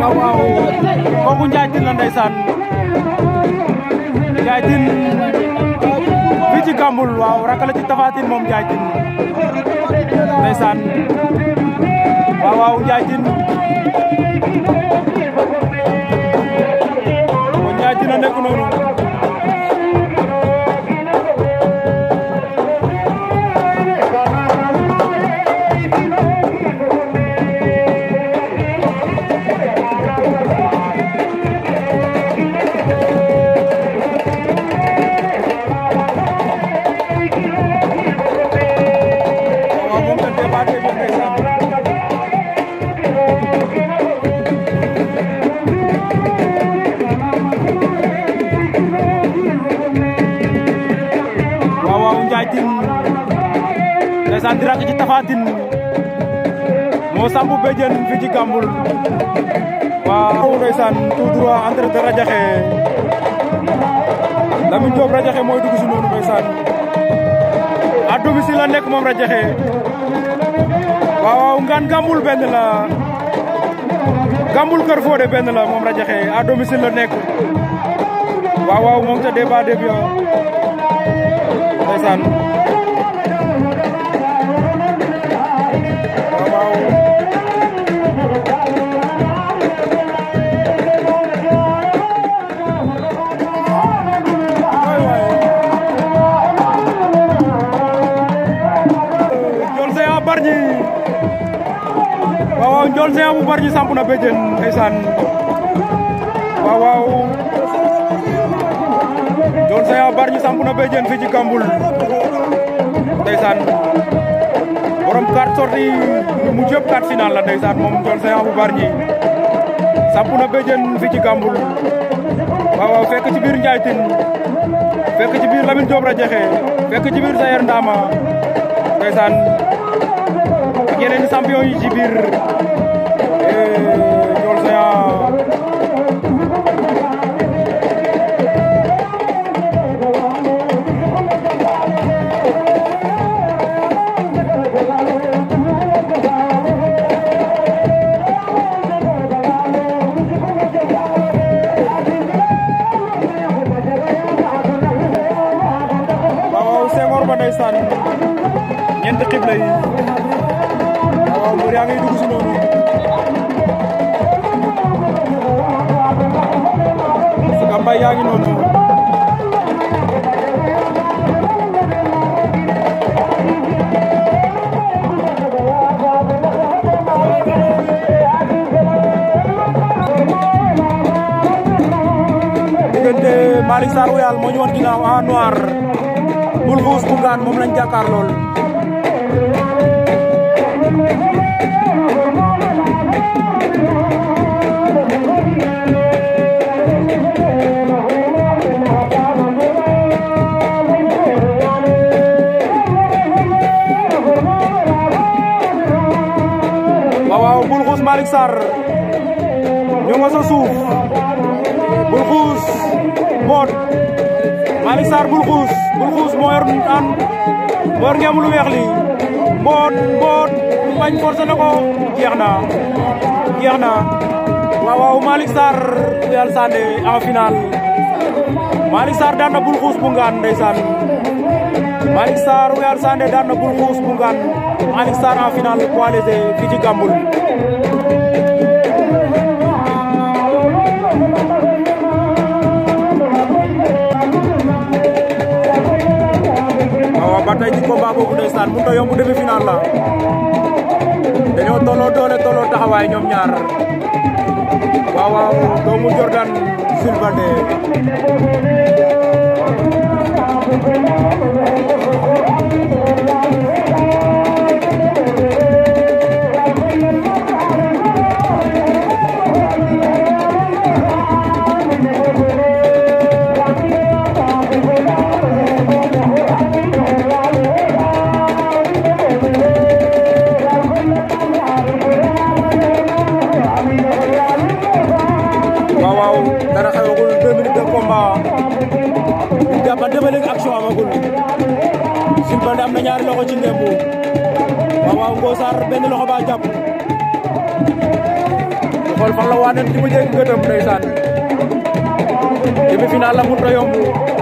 waaw waaw kooku Ndiaye Tine la ndeysaan Ndiaye Tine fii ci Gambul waaw rakk la ci Tapha Tine ndeysaan waaw waaw Ndiaye Latin mo sambu bejen fi ci gambul wa ou ndeysaan tout droit entre de dami job Diop Radiakhé moy dugg ci si noonu addu bi ci la nek nekk moom Radiakhé waaw ngan gambul ben la Gamboul Kër Fodé ben la mom moom Radiakhé à domicile la nekk waaw waaw moom ta débat déb ya Omar ñi samp na béjjén ndeysaan waaw waaw John Saya Bargny samp na borom quatre sorties yu mujj yëpp quatre la ndeysaan moom John Saya bu Bargny samp na béjjén fii ci Gamboul fekk ci biir Ndiaye Tine fekk ci biir Lamine Diop Radiakhé fekk ci biir Sayer Ndama ndeysaan ak yeneen champion ndeysaan ñeenti xibla yi waaw mbër yaa ngi noonu Sika Mbaye yaa ngi noonu diggante Malick Sarr Weyal moo ñu wan ginnaaw a noir Boul Khouse moom lañ jàkkaar lool waaw Boul Khouse Malick Sarr nga sa suuf Boul Malick sar bul xuus bul xuus moo yor an moo yor weex li mboot mboot bañ forcé na ko jeex na jeex na waaw waaw Malick Sarr Yal Sané en finale Malick Sarr daan bul xuus bu ngaan ndeysaan Malick Sarr Yal Sané daan na bul xuus bu ngaan Malick Sarr en finale poids léger fii ci Gamboul combat boobu ndeysaan mënut a yomb demi final la dañoo tolloo doole tolloo taxawaay ñoom ñaar waaw waaw doomu Jordan Silvande Thank you. Jules Baldé am na loxo ci ngemb waaw waaw Ngor Sarr loxo ba jàpp di fan la waane di ma jëg gëtëm ndeysaan demi final la mun na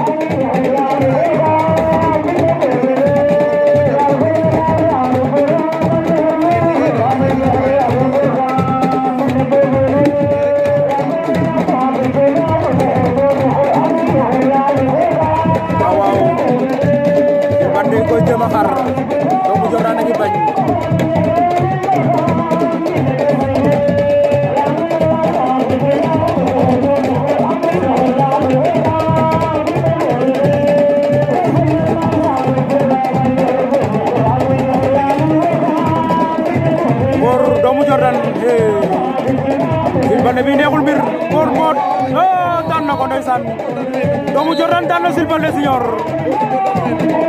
ndeysaan daan na Jules Baldé Junior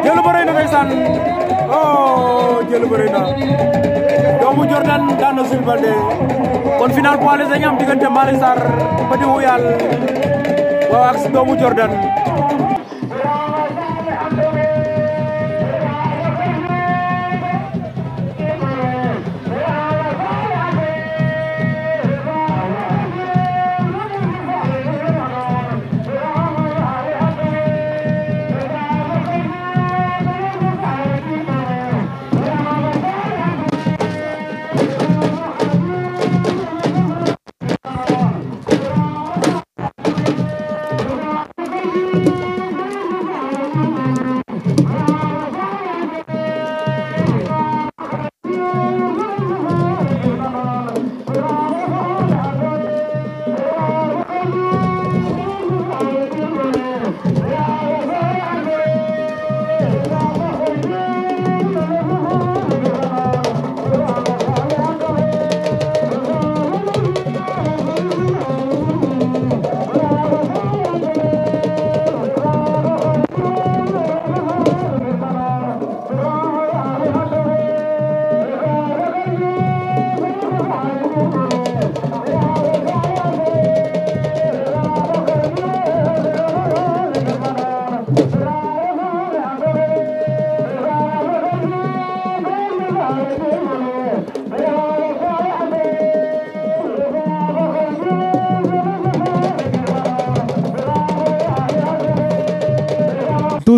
jëlu ba rëy na ndeysaan oh jëlu ba na doomu Jordan daan na Jules Baldé kon final poids léger dañu am diggante Malick Sarr Petit Royal waaw ak doomu Jordan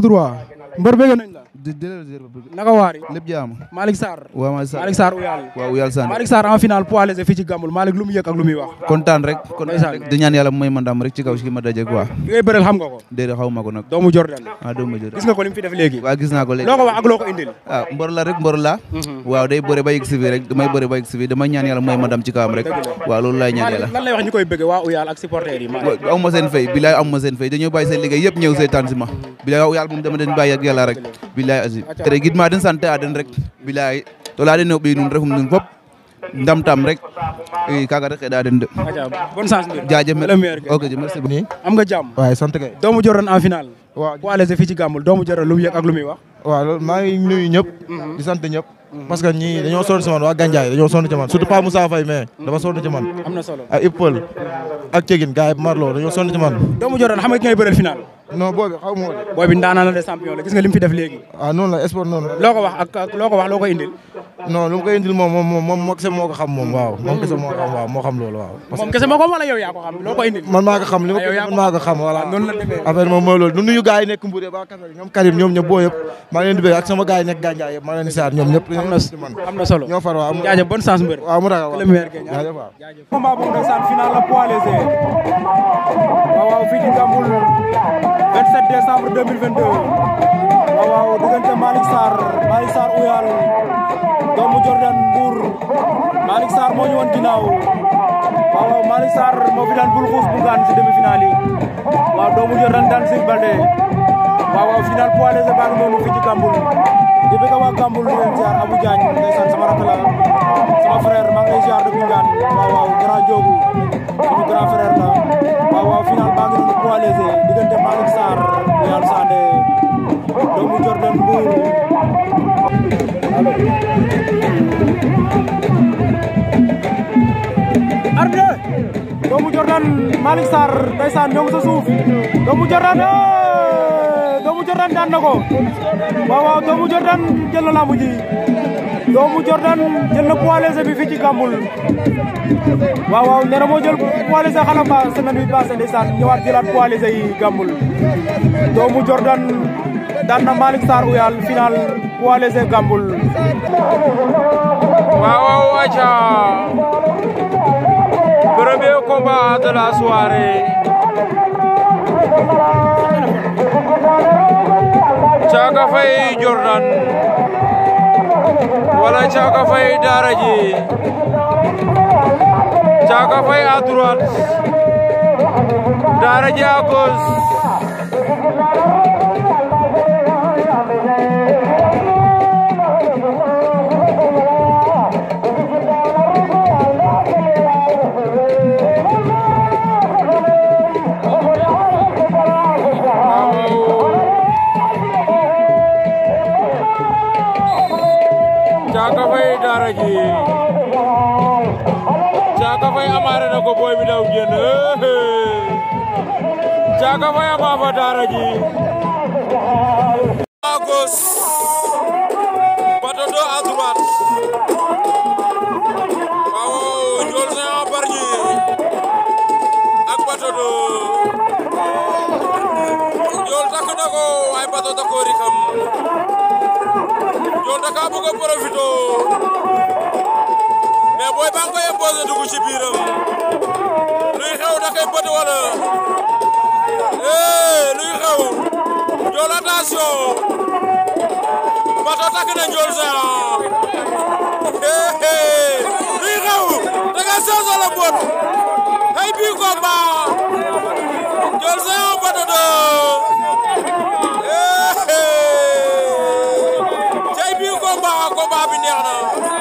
tout droit mbër bëgg nañ di naka waari lépp jaam Uyal waaw Uyal en final poids léger fii ci Gamboul Malick lu mu ak lu wax rek di ñaan yàlla rek ci kaw ci ma dajeeg waa li ngay bëreel xam nga ko dede xaw ma doomu Jordan ah doomu Jordan gis nga ko fi def gis ko wax ak indil ah mbor la rek mbor la mhm. waaw day bëre ba rek damay bëre ba yegg si ñaan yàlla may ma ci kawam rek waaw loolu ñaan lan lay wax Uyal ak supporter yi aw ma fay bilaay aw ma fay dañoo bàyyi seen ma Uyal moom dama den bàyyi ak yàlla rek billahi azim tere gid ma den sant a den rek billahi to leya den o ɓiy nuun refum nuun fop ndam tam rek i kaga rek xeɗa den de bonne chance jaajëf ok merci beaucoup am nga jàmm waaw sant kay doomu joran en final waaw doomu joran lu mu yëg ak lu muy wax waaw nuyu ñëpp mhm. di sant ñëpp mhm. parce que ñii dañoo sonn ci man waa Gandiaye dañoo sonn ci surtout pas Moussa Faye mais dafa sonn ci man am ak Ippal ak Cegin Marlo dañoo sonn ci man doomu joran xam nga ki ngay bëreel final non boobi xaw ma woon. boobi ndaanaan la de champion la ah, loo wax ak wax loo indil. non lu mu indil moom moom moom kese moo ko xam moom waaw moom kese moo ko xam waaw moo xam loolu waaw. moom kese moo man maa ko xam li ah, man maa ko xam voilà. noonu la demee affaire moom nuyu gars yi nekk Mbour yëpp waa ñoom Karim ñoom ñëpp boo yëpp maa leen di bëgg ak sama gars yi nekk Gandiaye yëpp maa leen di saar ñoom ñëpp. am ñoo far waaw mu ragal waaw jaajëf 2022 waaw waaw diggante Malick Sarr Malick Sarr Ouyal doomu Jordan Mbour Malick Sarr moo ñu woon ginnaaw waaw waaw Malick Sarr moo fi daan Bulxuus Bougane ci demi-finale yi doomu Jordan daan Sine Baldé waaw waaw final poids léger baa ngi noonu fii ci Kamboul di bëgg waa Kamboul di leen ziar Abou Diagne waaw waaw suñu grand frère la waaw waaw final baa ngi doon poids léger diggante Malick Sarr bu Yàlla Sandé doomu Jordan Mbour arbitre doomu Jordan Malick Sarr ndeysaan ñoo ngi sa suuf doomu Jordan daan na ko waaw doomu Jordan jël na lamb doomu Jordan jël na poids léger bi fii ci Gamboul waaw waaw nee na moo jël poids léger Xalamba semaine jëlaat poids yi Gamboul doomu Jordan daan na Malick Sarr Ouyal final poids léger Gamboul waaw aca premier combat de la soirée Jordan wala Thiaka Faye daara ji Thiaka Faye à daara ji à fay amaare na ko booy bi daw génn caaka eh, eh. fay amaa fa na ko waaye Patodo da koo rikam Ndiol da kaa bëgg a profito mais booy ba nga koy imposé dugg ci biiram luy xew da koy bët wala eh luy xew Ndiol attention Bato takk na Ndiol Géant eh luy xew da nga sew solo bët ay bii combat Ndiol Géant Bato doo. combat bi neex na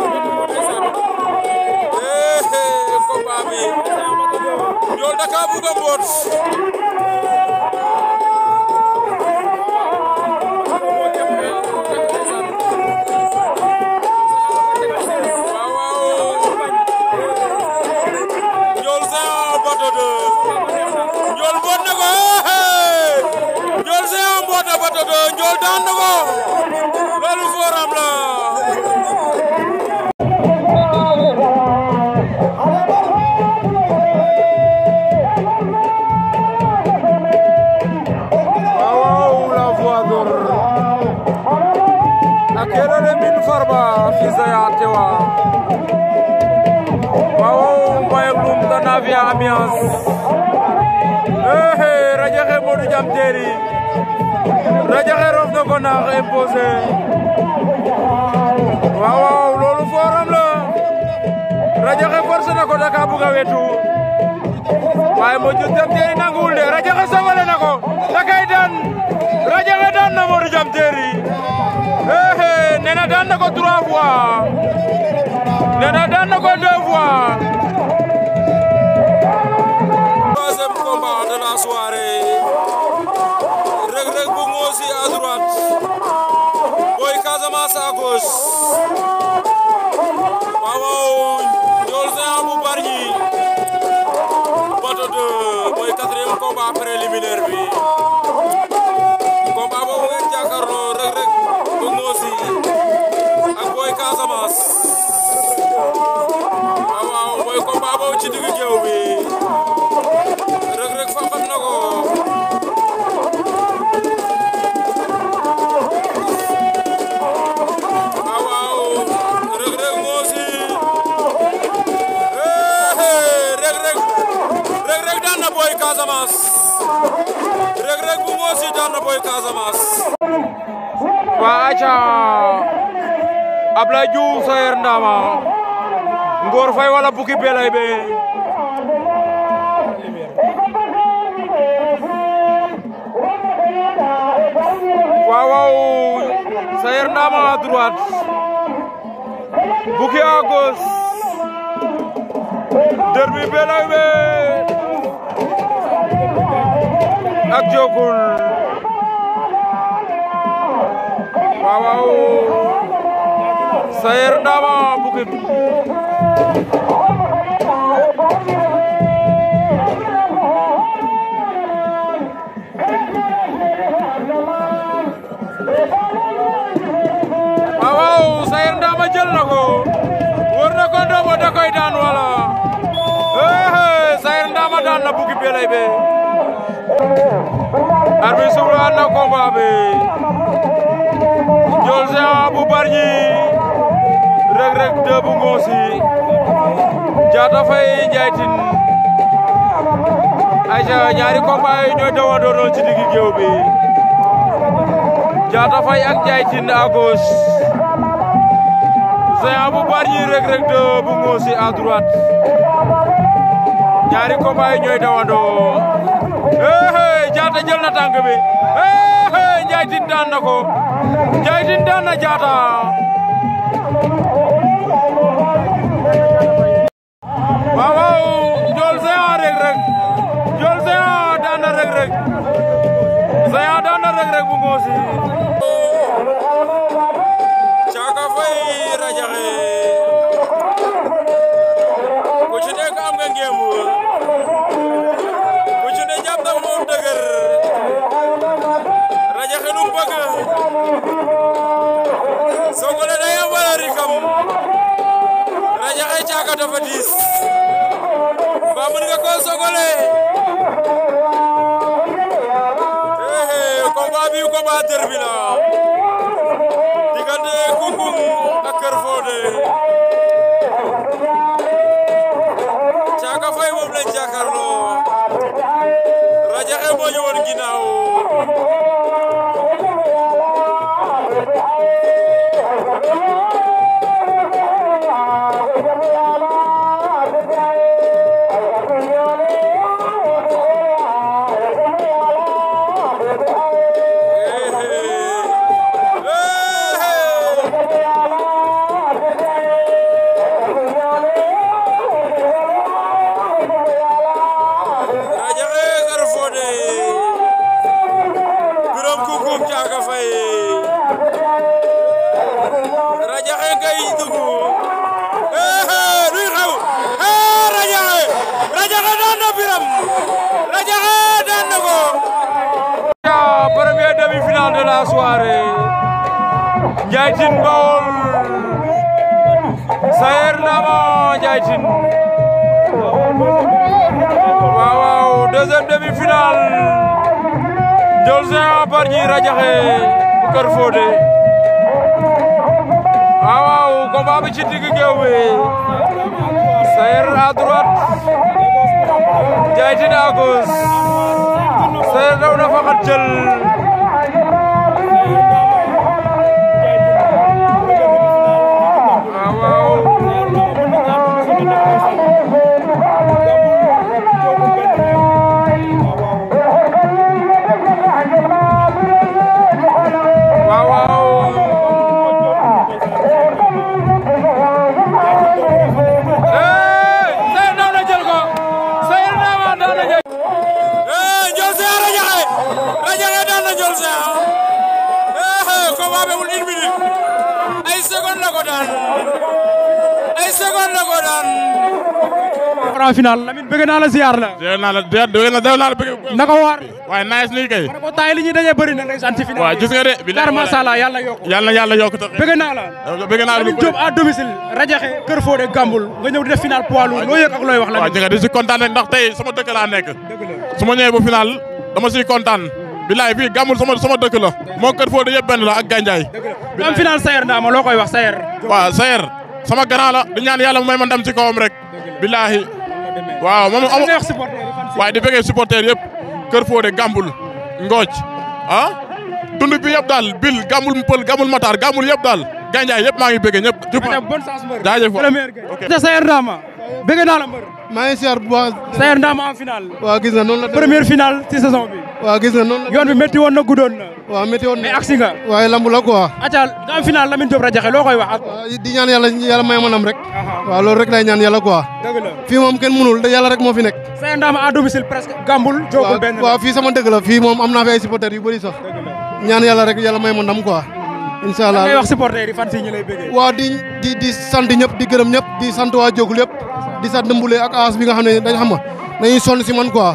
bi Ndiol Daga bu Gamboot Mafia ambiance eh Radiakhé Modou Diam Terry Radiakhé rof na ko naax imposé waaw waaw loolu forum la Radiakhé forcé na ko da ka bugg a wetu waaye Modou Diam Terry nanguwul de Radiakhé songale na ko da kay daan Radiakhé daan na Modou Diam Terry eh nee na daan na ko trois fois nee na daan na ko deux fois Brosse waaw Ndiol Géant bu Bargny bateau de mooy quatrième combat après boy Casamance waa aca Ablaye Diouf Sayer Ndama Ngor Faye wala Bouki Belay be waaw waaw Sayer Ndama à droite Bouki à gauche derbi Belay be ak Jokul waaw waaw Sayer Ndama Bukit waaw waaw Sayer Ndama jël na ko wër na ko ndombo da koy daan wala daan na Bukit Belay be arbitre bi sufle na combat bi Saya se reg-reg Rek rek de bu Aja nyari ko bay ñu dawa do do ci digi gew bi Jata fay ak jaytin agos Se abu rek rek de Nyari ko bay dawado. dawa do Hey hey jata jël Ndiaye Tine daan na ko Ndiaye Tine daan na Diatta dafa diis mbaa mën nga koo sogole eh, combat bi combat derby la diggante Koukoum ak Kër Fodé Thiaka Faye moom lañ jàkkaarloo Radiakhé moo ñëwoon ginnaaw Ndiaye Tine Bawol Sayer Ndama Ndiaye Tine waaw waaw deuxième demi-finale Ndiol Géant Bargny Radiakhé bu Kër Fodé waaw waaw combat bi ci digg géew bi Sayer à droite Ndiaye Tine à gauche Sayer daw na faxat jël na Ndiol Géant eh combat bi amul une minute ay seconde la ko daan ay seconde la ko daan. Franc final Lamine bëgg naa la ziar la. dégg naa la dégg naa la bëgg. naka waar. waaye naaj nii kay. par rapport temps yi li ñuy daje bëri na ngay sant final. waaw gis nga de. bi dara macha allah yàlla yokk. yàlla yàlla yokk tax. bëgg naa la. bëgg naa la Lamine Diop à domicile. rajaxe Kër Fodé Gambul nga ñëw di def final poids lourd loo yëg ak looy wax la. waaw jërëjëf di si kontaan ndax tey sama dëkk laa nekk. dëgg la su ma ñëwee bu final dama siy kontaan bilaay fii gàmmul sama sama dëkk la moo kër foo da yëpp benn am final sayer ndaama loo koy wax sayer waaw sayer sama grand la di ñaan yàlla mu may ma ndam ci kawam rek bilaahi waaw moom am waaye di bëggee supporter yëpp kër foo de gàmbul ngooj ah dund bi yëpp daal bil gàmbul pël gàmbul mataar gàmbul yëpp daal gànjaay yëpp maa ngi bëggee ñëpp jub jaajëf sayer ndaama noonu la première finale ci waaw gis nga noonu yoon bi métti woon na guddoon na waaw métti woon na mais agsi nga waaye lamb la quoi aca nga am e final Lamine Diop Radiakhé loo koy wax di ñaan yàlla yàlla may ma nam rek waaw loolu rek lay ñaan yàlla quoi dëgg la fii moom kenn mënul yàlla rek moo fi nekk say ndam à domicile presque gambul jógul benn waaw fi sama dëgg la fii moom am naa fi ay supporters yu bëri sax ñaan yàlla rek yàlla may ma ndam quoi incha allah ngay wax supporters yi fan si ñu lay bëggee waaw di di di sant ñëpp di gërëm ñëpp di sant waa jógul yëpp di sant mbule ak aas bi nga xam ne dañ xam nga dañuy sonn si man quoi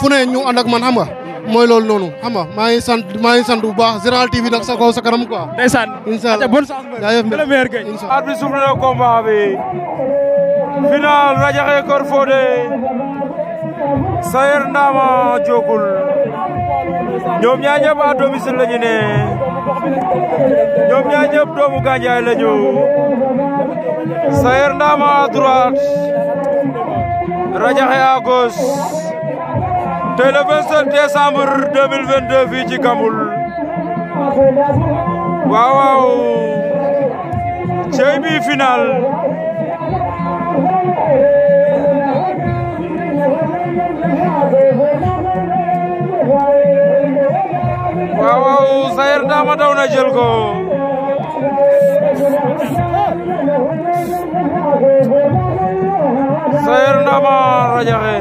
fu ne ñu ànd ak man xam nga mooy loolu noonu xam maa ngi sant maa ngi sant bu baax Général TV nag sa kaw sa kanam quoi. ndeysaan incha allah bonne chance arbitre souffle na combat bi final Radiakhé Kër Fodé Sayer Ndama Diokul ñoom ñaar ñëpp à la ñu ne ñoom ñaar ñëpp doomu Gandiaye la ñu Sayer Ndama à droite Radiakhé tey le 27 décembre 2022 fii cey bi final waaw waaw Sayer daw na jël ko Sayer Dama rajaxe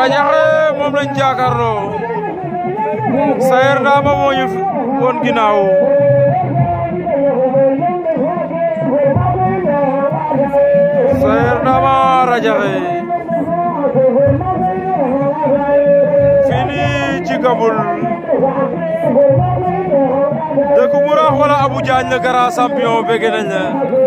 Rañaxe moom lañ jàkkaarloo Sayer Dama moo ñu woon ginnaaw Sayer Dama Rañaxe fii nii ci Kabul dëkk mu rax wala Abu Jaañ la grand champion